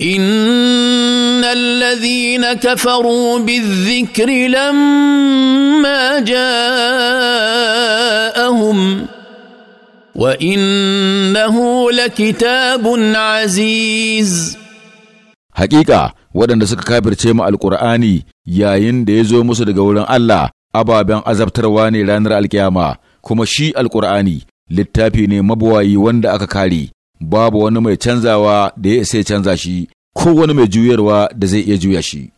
ان الذين كفروا بالذكر لما جاءهم وانه لكتاب عزيز Haƙiƙa, waɗanda suka kafirce mu Alƙur'ani yayin da ya zo musu daga wurin Allah ababen azabtarwa ne ranar alkiyama kuma shi Alƙur'ani, littafi ne mabuwayi wanda aka kare babu wani mai canzawa da ya isa ya canza shi ko wani mai juyarwa da zai iya juya shi